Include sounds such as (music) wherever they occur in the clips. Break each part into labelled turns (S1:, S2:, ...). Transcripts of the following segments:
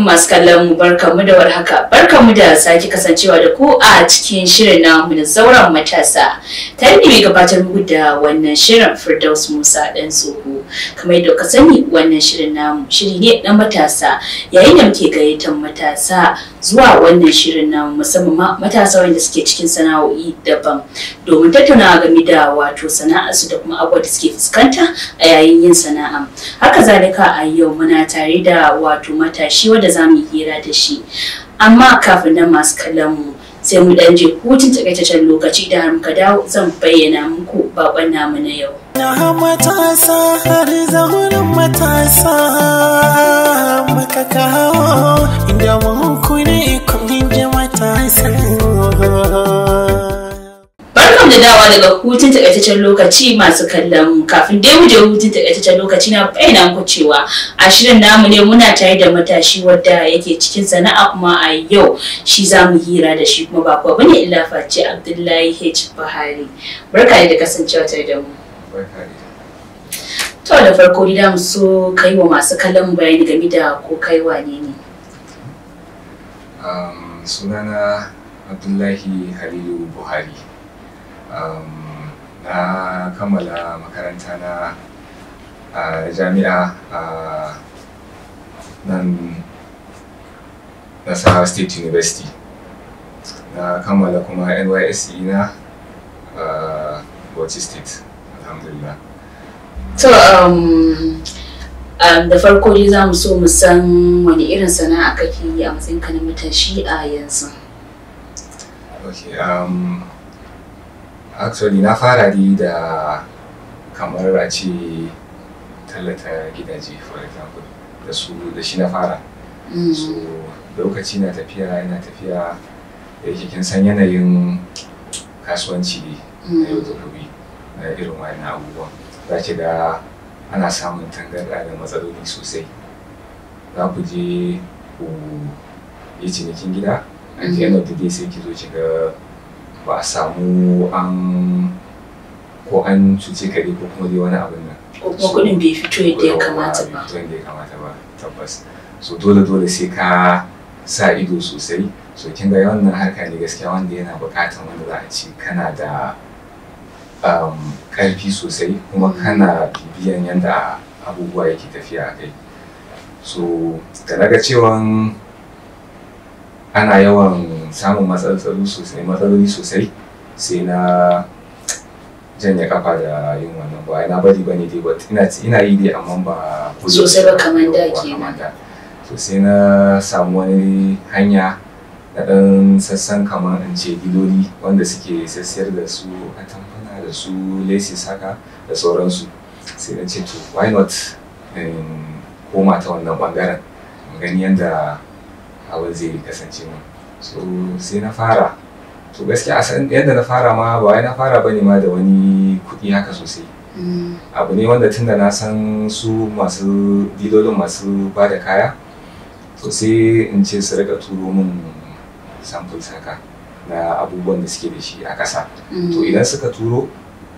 S1: alaikum masu kallon mu barkamu da warhaka barkamu da sake kasancewa da ku a cikin shirin namu na zauren matasa ta ne mai gabatar muku da wannan shirin Firdaus Musa dan Tsoho kamar yadda ka sani wannan shirin namu shiri ne na matasa yayin da muke gayyatar matasa zuwa wannan shirin namu musamman matasa wanda suke cikin sana'o'i daban domin tattaunawa game da wato sana'a su da kuma abubuwa da suke fuskanta a yayin yin sana'a haka zalika a yau muna tare da wato matashi wanda za mu hira da shi amma kafin nan masu kallon mu sai mu dan je hutun takaitaccen lokaci da har muka dawo zan bayyana muku bakon namu na yau na
S2: matasa matasa
S1: da dawa daga hutun takaitaccen lokaci masu kallon kafin dai mu je hutun takaitaccen lokaci na bayyana ku cewa a shirin namu ne muna tare da matashi wadda yake cikin sana'a kuma a yau shi za mu hira da shi kuma ba kuwa bane illa face Abdullahi H Bahari barka da kasancewa tare da mu to da farko da mu so kai wa masu kallon bayani game da ko kai wane ne
S3: um, sunana Abdullahi Halilu Buhari Um, na kammala makaranta na jami'a a nan sahara state university na kammala kuma nysc e na bauchi state alhamdulillah
S1: to um, um, da farko dai za mu so mu san wani irin sana'a kake yi a matsayin ka na matashi a yanzu
S3: actually na fara di da kamar a ce tallata gidaje for example da su da shi na fara mm. so lokaci na tafiya yana tafiya da yake kin san yanayin kasuwanci na yau da gobe na irin wani abubuwa za ki ga ana samun tangarɗa da matsaloli sosai za ku je ku yi cinikin gida a the da dai sai ki zo ki ga ba a samu an ko an cuce ka ko kuma dai wani abin nan ko kuma kudin bai
S1: fito yadda ya kamata ba
S3: yadda ya kamata ba tabbas so dole dole sai ka sa ido sosai so kin ga wannan harka ne gaskiya wanda yana buƙatar wanda za a ce kana da um, ƙarfi sosai kuma mm. kana bibiyan yadda abubuwa yake tafiya kai so da daga cewan ana yawan samun matsaloli sosai matsaloli sosai sai na janye kafa da yin wannan ba na bari bane dai ba ina ina yi dai amma ba sosai ba
S1: kamar da ke
S3: so sai na samu wani hanya na dan sassan kamar in ce gidori wanda suke sassiyar da su a tamfana da su laces saka da sauransu sai na ce to why not eh, koma ta wannan bangaren gani yadda abin zai kasance ma so sai na fara to gaskiya a san yadda na fara ma ba wai na fara bane ma da wani kuɗi haka sosai mm. abu ne wanda tunda na san su masu didolin masu ba da kaya to sai in ce su rika turo min samples haka na abubuwan da suke da shi a ƙasa to mm. idan suka turo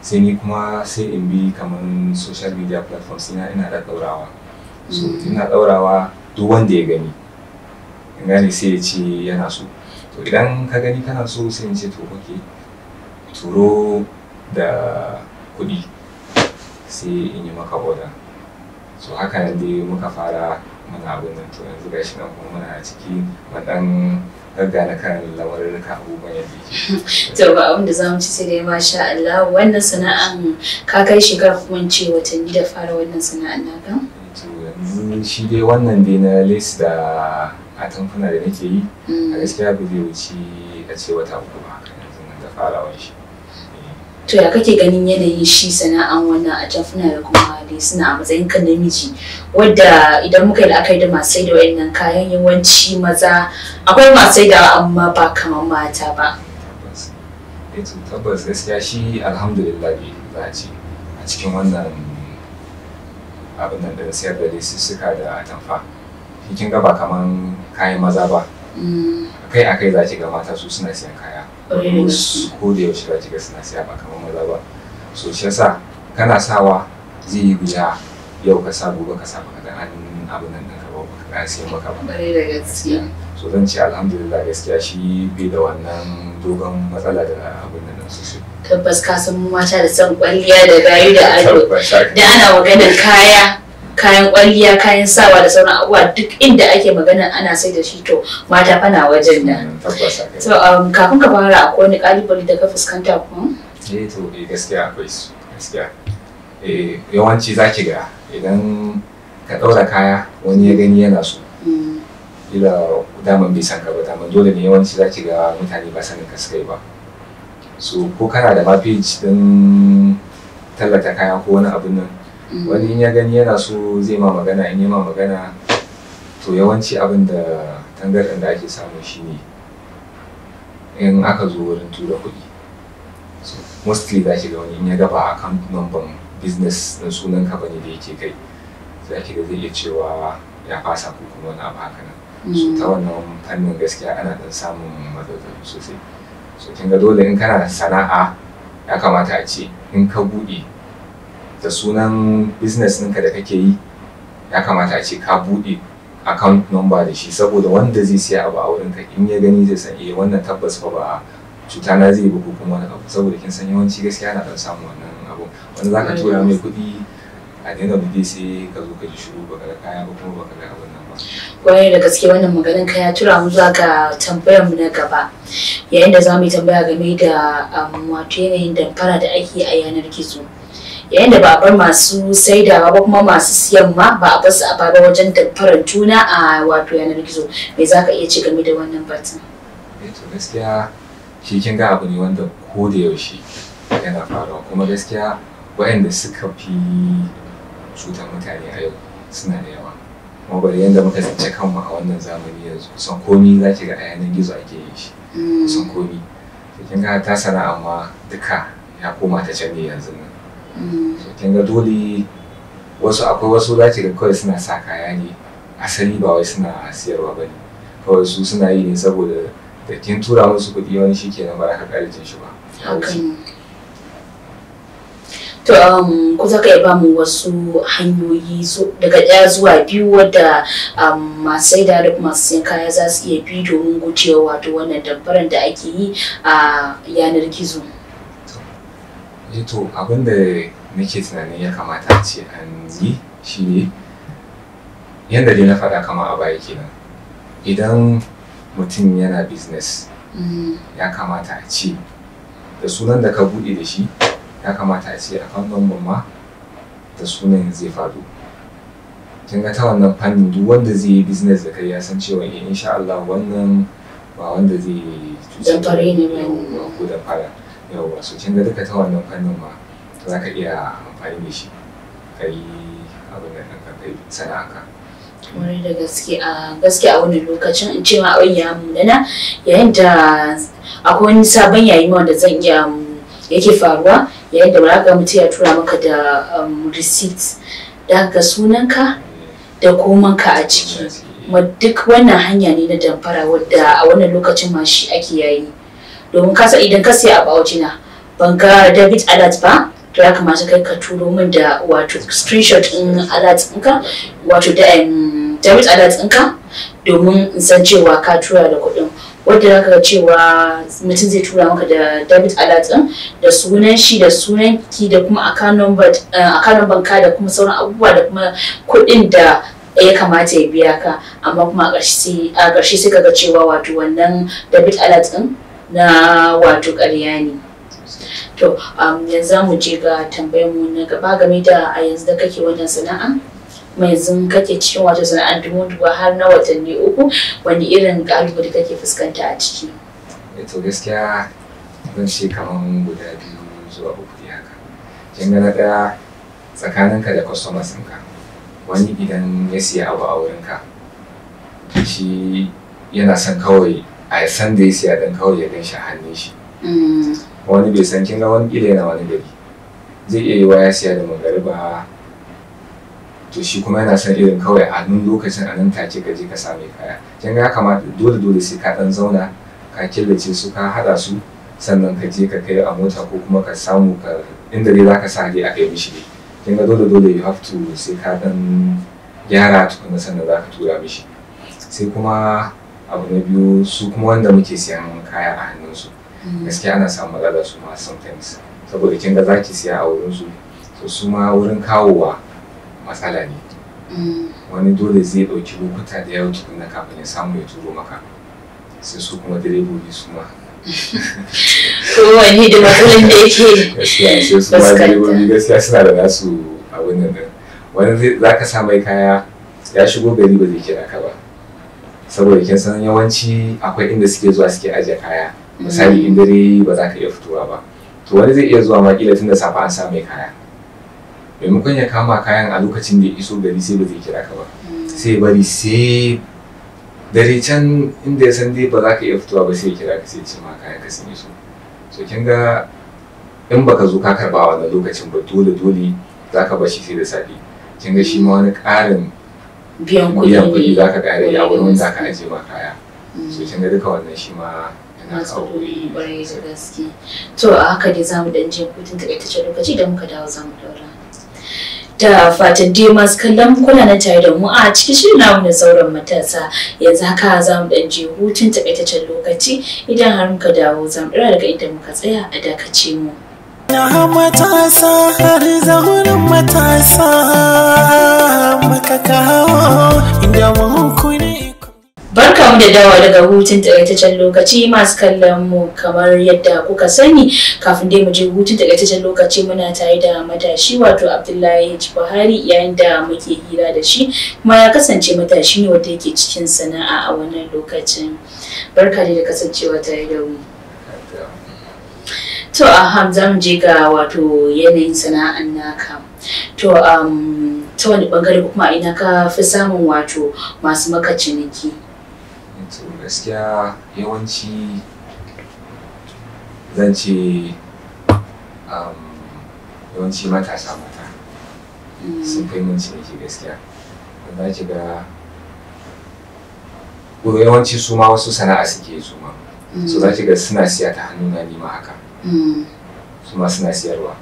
S3: sai ni kuma sai in bi kamar social media platforms ina ina da ɗaurawa so mm. ina ɗaurawa duk wanda ya gani gane sai ya ce yana so to idan ka gani kana so sai ya ce to ok turo da kuɗi sai in yi maka oda so haka dai muka fara muna abin nan to yanzu gashi nan kuma muna ciki
S1: gaga na kan lamarin ka abubuwan yadda yake. (laughs) To ba abin da zamu ci sai dai masha Allah wannan sana'an ka kai shekara kuma in ce watanni da fara wannan sana'an naka.
S3: To yanzu shi dai wannan dai na list da a tamfuna da nake yi mm. a gaskiya ba zai wuce a ce wata uku ba haka yanzu
S1: nan da wani shi eh. to ya kake ganin yanayin shi sana'an wannan a tafuna da kuma dai suna a matsayin kan namiji wadda idan muka yi la'akari da masu sai da wayannan kayan yawanci maza akwai masu sai da amma ba kamar mata ba
S3: eto eh tabbas gaskiya shi alhamdulillah ne za a ce a cikin wannan abin nan da sayar da suka da atamfa kin ga ba kaman kayan maza ba kai-a mm. akai za ki ga mata su suna siyan kaya ko da yaushe za ki ga suna siya ba kamar maza ba so shi yasa kana sawa zai yi wuya yau ka sa gobe ka sa ba ga abin nan da ka ba ka ga siyan ba bare da gaskiya so zan ce alhamdulillah gaskiya shi bai da wannan dogon matsala da abin nan
S1: su tabbas ka san mata da san kwalliya da gayu da ado da ana maganar kaya kayan kwalliya kayan sawa da sauran abubuwa duk inda ake magana ana sai da shi to mata fana wajen da mm, so um, kafin ka fara a kowane kalibali da ka fuskanta kuma
S3: eh to eh gaskiya akwai su gaskiya eh yawanci zaki ga idan ka daura kaya wani ya gani yana so mm. ila daman bai san ka ba daman dole ne yawanci zaki ga mutane ba sanin ka suka ba so ko kana da mafi page din tallata kaya ko wani abin nan Mm-hmm. wani in ya gani yana so zai ma magana in ya ma magana to yawanci abin da tangarɗin da ake samu shi ne in aka zo wurin tura kuɗi so mostly za ki ga wani in ya gaba a kan number business na sunan ka bane da yake kai za ki ga zai iya cewa ya fasa ko kuma wani abu haka nan so ta mm-hmm. wannan fannin gaskiya ana dan samun matsaloli sosai so kin ga dole in kana sana'a ya kamata a ce in ka buɗe da sunan business ɗinka da kake yi ya kamata a ce ka buɗe account number da shi saboda wanda zai siya abu a wurin ka in ya gani zai san eh wannan tabbas fa ba cuta na zai bugu kuma wani abu saboda kin san yawanci gaskiya na dan samu wannan abu wanda za ka tura mai kuɗi a daina buɗe sai ka zo ka ji shiru baka ga kaya ba kuma baka ga abin nan ba.
S1: Kwarai da gaske wannan maganin ka ya tura mu zuwa ga tambayar mu na gaba yayin da za mu yi tambaya game da um, wato yanayin damfara da ake a yanar gizo. yayin da babar masu saidawa ba kuma masu siyan ma ba a basu a baba wajen damfarar juna a wato yanar gizo me za ka iya ce game da wannan batun
S3: eh to gaskiya shi kin ga abu ne wanda ko da yaushe yana faruwa kuma gaskiya wayanda suka fi cutar mutane a yau suna da yawa kuma bari yadda muka zance kanmu a wannan zamani yanzu kusan komi za ki ga a yanar gizo ake yin shi hmm. kusan komi kin ga ta sana'a ma duka ya koma ta can ne yanzu nan kin dole wasu akwai wasu dace da kawai suna sa kaya ne asali ba wai suna siyarwa ba ne kawai su suna yi ne saboda da kin tura musu kuɗi wani shi kenan ba za ka
S1: shi ba to um, ku za ka iya mu wasu hanyoyi daga ɗaya zuwa biyu wadda um, masu saida da masu sayan kaya za su iya bi domin gujewa wato wannan dabbaran da ake yi a yanar gizo.
S3: Eh, to abin da nake tunanin ya kamata a ce an yi shine yadda dai na faɗa kama a baya kenan idan mutum yana business mm. ya kamata a ce da sunan da ka buɗe da shi ya kamata a ce a fannin mamma da sunan zai faɗo kin ga ta wannan fannin duk wanda zai yi business da kai ya san cewa eh, in sha Allah wannan ba wanda zai cuce da
S1: ko
S3: da yawwa so cin da duka ta wannan fannin ma za ka iya amfani da shi ka yi abin da ɗan ka yi sana'a
S1: wani da gaske a gaske a wannan lokacin in ce ma abin ya munana yayin da akwai wani sabon yayi wanda zan iya um, yake faruwa yayin da ba ga mutum ya tura maka da um, receipt da sunanka da komanka a ciki duk wannan hanya ne na damfara wadda a wannan lokacin ma shi ake yayi domin kasa idan ka siya a bawajina ban ga David alert ba to ya kamata kai ka turo min da wato screenshot in alert ɗinka wato da debit alert ɗinka domin in san cewa ka tura da kuɗin wanda za ka cewa mutum zai tura maka da David alert ɗin da sunan shi da sunan ki da kuma eh, account number ka da kuma sauran abubuwa da kuma kuɗin da ya kamata ya biya ka amma kuma a ƙarshe sai ka ga cewa wato wannan David alert ɗin na wato ƙarya ne to um, yanzu za mu je ga tambayar mu na gaba game da a yanzu da kake wannan sana'a mai yanzu kake cikin wato sana'ar dumunduwa har na watanni uku wani irin da kake fuskanta a ciki eh, to gaskiya
S3: zan ce kaman guda biyu zuwa uku ya ka na tsakaninka da customers ɗinka wani idan ya siya abu a wurinka shi yana son kawai a san da ya siya dan kawai ya gan shi hannun shi mm. wani bai san kin ga wani kila yana wani gari zai iya yi wa ya siya da magariba to shi kuma yana san irin kawai a nun lokacin a nan take ka je ka same kaya kin ga kamata dole dole sai ka dan zauna ka killace su ka hada su sannan ka je ka kai a mota ko kuma ka samu ka inda dai za ka sa dai a kai mishi ne kin ga dole dole you have to sai ka dan gyara tukuna sannan za ka tura mishi sai kuma abu na biyu su kuma wanda muke siyan kaya a hannunsu mm. gaskiya ana samun matsala su ma sometimes saboda kin ga zaki siya a wurin su to su ma wurin kawowa matsala ne mm. wani dole zai ɗauki lokuta da yawa tukunna kafin ya samu ya turo maka sai su kuma direbobi su ma
S2: wani (laughs) da matsalin da yake gaskiya sai su ma direbobi
S3: gaskiya suna da nasu a wannan nan wani za ka sa mai kaya ya shigo gari ba zai kira ka ba saboda kin san yawanci akwai inda suke zuwa suke ajiye kaya mm. misali in dare ba za ka iya fitowa ba to wani zai iya zuwa ma kila tunda da safa an sa mai kaya maimakon ya kama kayan a lokacin da ya iso gari sai ba zai kira ka ba mm. sai bari sai dare can inda ya san dai ba za ka iya fitowa ba sai ya kira ka sai ce ma kayan ka sun iso so kin ga in baka zo ka karba a wannan lokacin ba dole dole za ka shi sai da safe kin ga shi ma wani ƙarin biyan kuɗi za ka ƙare ya wurin za ka
S1: ajiye ma kaya mm. so kin ga duka wannan shi ma matsaloli kwarai da gaske to a haka dai zamu dan je hutun takaitaccen lokaci da muka dawo zamu daura da fatan dai masu kallon kuna na tare da mu a cikin shirin namu na sauran matasa yanzu haka za mu dan je hutun takaitaccen lokaci idan har muka dawo za mu dora daga inda muka
S2: tsaya a dakace mu na matasa har zauren matasa
S1: da dawa daga hutun takaitaccen lokaci masu kallon mu kamar yadda kuka sani kafin dai mu je hutun takaitaccen lokaci muna tare da matashi wato Abdullahi H Buhari yayin da muke hira da shi kuma ya kasance matashi ne wanda yake cikin sana'a a wannan lokacin barka da kasancewa tare da mu to aham za mu je ga wato yanayin sana'an naka to um, ta wani bangare kuma ina ka fi samun wato masu maka ciniki
S3: so gaskiya yawanci zan ce um, yawanci matasa mata mm. sun fi mun ke gaskiya wanda ki ga yawanci su ma wasu sana'a suke su ma mm. so za ki ga suna siya ta hannu na nima haka mm. su ma suna siyarwa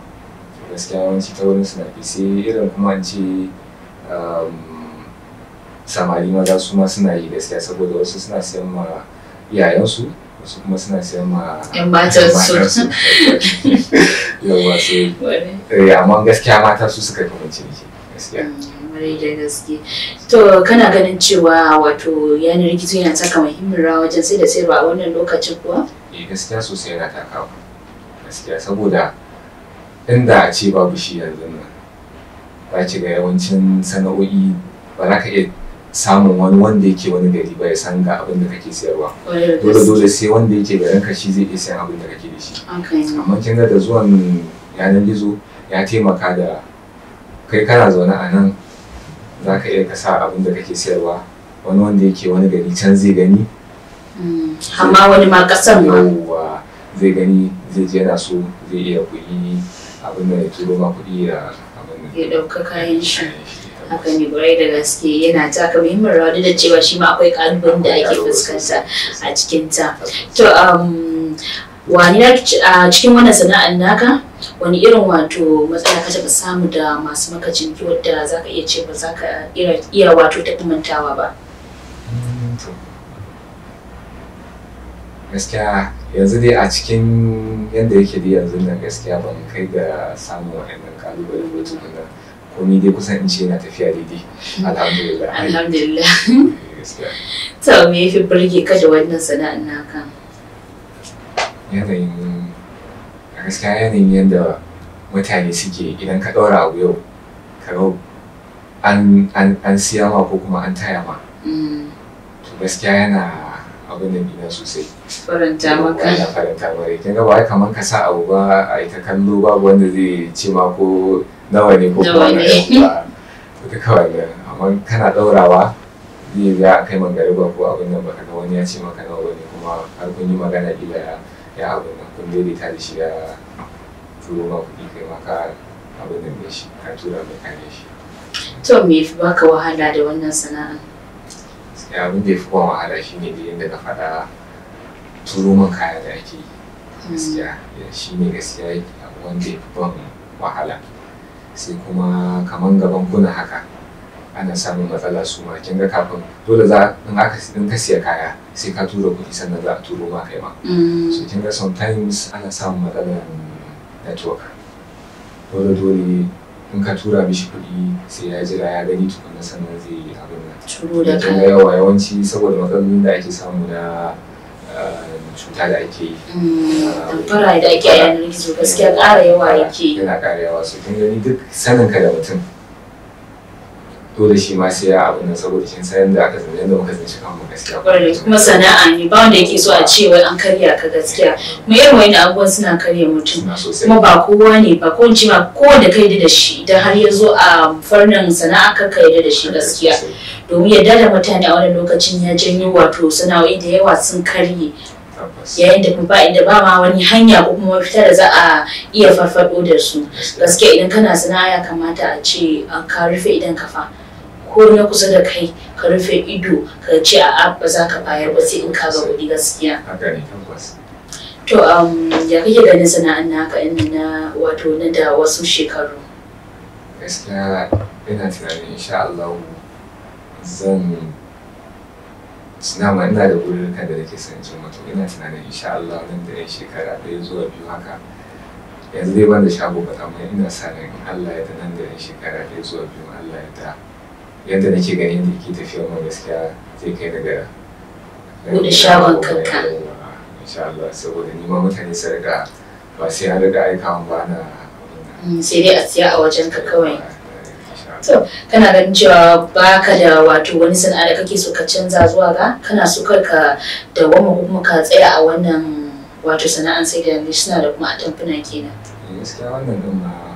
S3: gaskiya yawanci ta wurin suna fi sai irin kuma ce um, samari maza su ma suna yi gaskiya saboda wasu suna siyan ma su wasu kuma suna siyan ma yan matan su yawa su amma gaskiya mata su suka fi mace
S1: ne gaskiya da to kana ganin cewa wato yanar gizo yana taka muhimmin rawa wajen sai da sayarwa a wannan lokacin kuwa eh gaskiya sosai yana takawa
S3: gaskiya saboda inda a ce babu shi yanzu nan ba ci ga yawancin sana'o'i ba za ka iya samun wani wanda yake wani gari ba ya san ga abin da kake sayarwa dole dole sai wanda yake garin ka shi zai iya sayan abin da kake da shi amma kin ga da zuwan yanar gizo ya taimaka da kai kana zaune a nan za ka iya kasa sa abin da kake sayarwa wani wanda yake wani gari can zai gani
S1: mm, amma wani ma kasar ma
S3: yawwa zai gani zai je yana so zai iya kuɗi abin da ya turo ma kuɗi da
S1: abin da ya ɗauka kayan shi haka ne gurai da gaske yana taka muhimmin rawa da cewa shi ma akwai kalubalen da ake fuskanta a cikin ta to um, wani a cikin wannan sana'ar naka wani irin wato matsala ka taɓa samu da masu makacin wadda za ka iya ce ba za ka iya wato ta mantawa ba
S3: mm, gaskiya yanzu dai a cikin yadda yake da yanzu nan gaskiya ban kai ga samun waɗannan kalubalen mutum nan komai dai kusan in ce yana tafiya daidai
S1: hmm. alhamdulillah alhamdulillah eh, (laughs) to me yafi burge ka da wannan sana'ar naka
S3: yanayin a gaskiya yanayin yadda mutane suke idan ka ɗaura abu yau ka ga an an siya ma ko kuma an taya ma hmm. to gaskiya yana abin da nina sosai
S1: faranta maka ya
S3: faranta mai kin ga ba kamar ka sa abu ba a ita kallo babu wanda zai ce ma ko nawa ne ko kuma na yau ba duka kawai amma kana ɗaurawa zai ya kai mangariba ko abin nan baka wani ya ce maka nawa ne kuma har kun yi magana ila ya abin nan kun daidaita da shi ya turo ma kuɗi kai maka abin nan da shi ka tura mai kane shi.
S1: me baka wahala da wannan sana'a.
S3: abin da ya fi ban wahala shi ne da yadda faɗa turo man da ake yi gaskiya mm. shi ne gaskiya wanda ya fi ban wahala. sai kuma kaman ga kuna haka ana samun matsala su ma kin ga kafin dole za in aka in ka siya kaya sai ka tura kuɗi sannan za a turo ma kai ma mm. so kin ga sometimes ana samun matsalar network dole dole in ka tura mishi kuɗi sai ya jira ya gani tukunna sannan zai yi abin nan. da yawa yawanci saboda matsalolin da ake samu na cuta da ake yi damfara mm, da ake yanar
S1: gizo gaskiya ƙara yawa yake yana ƙara yawa su
S3: kin gani duk sanin ka da mutum dole shi ma sai ya abu nan saboda kin san yadda aka san yadda muka kan mu
S1: gaskiya kuma sana'a ne ba wanda yake so a ce wai an karya ka gaskiya mu irin wani abubuwan suna karya mutum kuma ba kowa ne ba ko ce ma kowa da ka da shi idan har ya zo a farnan sana'a ka ka da shi gaskiya domin yadda da mutane a wani lokacin ya janyo wato sana'o'i da yawa sun karye yayin da ba inda ba ma wani hanya ko kuma mafita da za a iya farfado da su gaskiya idan kana sana'a ya kamata a ce an ka rufe idan ka fa ko na kusa da kai ka rufe ido ka ce a ba za ka bayar ba sai in ka ga kudi gaskiya to um, ya kake ganin sana'an naka in na wato na da wasu shekaru gaskiya
S3: ina tunanin insha Allah zan sinama ina da wurin da nake son cin mutum ina tunanin insha Allah nan da yan shekara ɗaya zuwa biyu haka yanzu dai ban da shago ba amma ina sa ran Allah ya ta nan da yan shekara ɗaya zuwa biyu Allah ya ta yadda nake ganin da ke tafiya mu gaskiya zai kai daga wani shagon kanka insha Allah saboda ni ma mutane su riga
S1: ba sai an riga aika mu ba na mm, sai dai a siya a wajen ka kawai to kana ganin cewa baka da wato wani sana'a da kake so ka canza zuwa ga kana so ka wani kuma ka tsaya a wannan wato sana'an sai da yanzu suna da kuma atamfuna kenan
S3: eh, gaskiya wannan din ba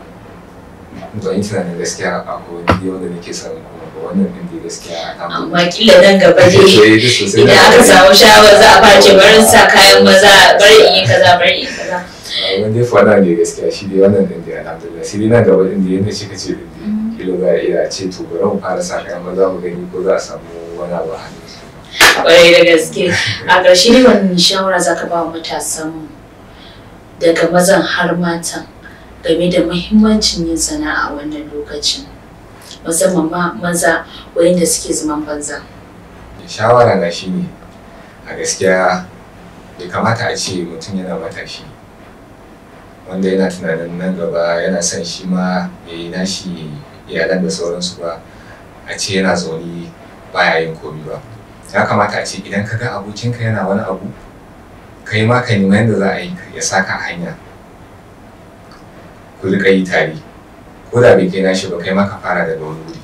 S3: intanet yi tunanin gaskiya
S1: a
S2: wani
S3: yau da nake son kuma wannan din da gaskiya amma kila nan gaba dai idan aka samu shawar za a face barin sa kayan maza in yi kaza barin yi kaza wannan dai fada ne gaskiya shi dai wannan din da alhamdulillah sai dai nan gaba din da yanda shi kace din da mm. kila za a iya ce to bari mu fara sa kayan maza mu gani ko za a samu wani abu a hannu kwarai da gaske
S1: a ƙarshe ne wani shawara za ka ba wa matasan daga mazan har matan game da muhimmancin yin sana'a wannan lokacin musamman ma maza wayanda suke zaman banza
S3: shawara na shi ne, a gaskiya bai kamata a ce mutum yana matashi wanda yana tunanin nan gaba yana son shi ma ya yi nashi iyalan da sauransu ba a ce yana zaune baya yin komi ba ya kamata a ce idan ka ga abokinka yana wani abu ka yi ma ka nemi yadda za a yi ya saka hanya ku riƙa yi tare ko da bai kai nashi ba kai ma ka fara daga wani wuri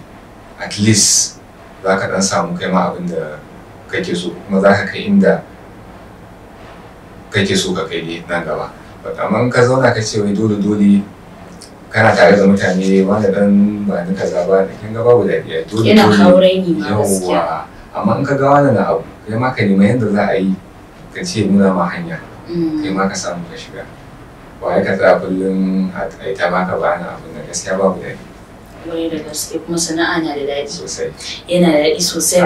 S3: at least za ka dan samu kai ma abin da kake so kuma za ka kai inda kake so ka kai nan gaba amma in ka zauna ka ce wai dole dole kana tare da mutane wanda dan ba ni kaza ba da kin ga babu daɗi dole yana haurai ni ma gaskiya amma in ka ga wannan abu kai ma ka nema yadda za a yi ka ce muna ma hanya mm. kai ma ka samu ka shiga ba ya ka tsaya kullum a taƙaita bani abin da gaskiya babu daɗi
S2: wani da
S1: gaske kuma sana'a na da daɗi sosai yana da daɗi sosai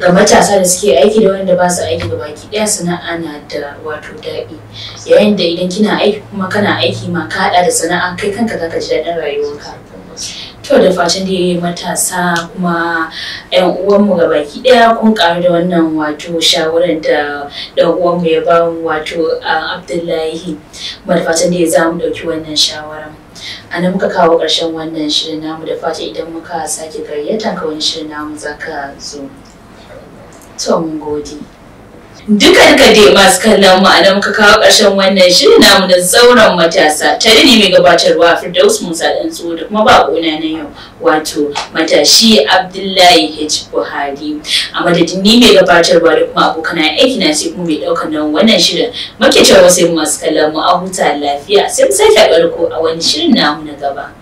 S1: ga ah, matasa da suke aiki da wanda ba su aiki da baki ɗaya sana'a na da wato daɗi yayin da idan kina aiki kuma kana aiki ma ka haɗa da sana'a kai kanka zaka ji daɗin rayuwarka To da fatan da matasa kuma 'yan uwanmu ga baki ɗaya kun karu da wannan wato shawarar da ɗan mu ya ba wato Abdullahi. Kuma da fatan da za mu ɗauki wannan shawaran a nan muka kawo ƙarshen wannan shirin namu da fata idan muka sake gayyata ka wani shirin namu zaka zo. To mun gode. duka duka dai masu kallon mu anan muka kawo ƙarshen wannan shirin namu na zauren matasa tare ne mai gabatarwa a Firdaus Musa dan tsoho da kuma bako na yau wato matashi Abdullahi H Buhari a madadin ni mai gabatarwa da kuma abokan aiki na ce kuma mai ɗaukar nan wannan shirin muke cewa sai masu kallon mu a huta lafiya sai mu sake ɗauko, a wani shirin namu na gaba.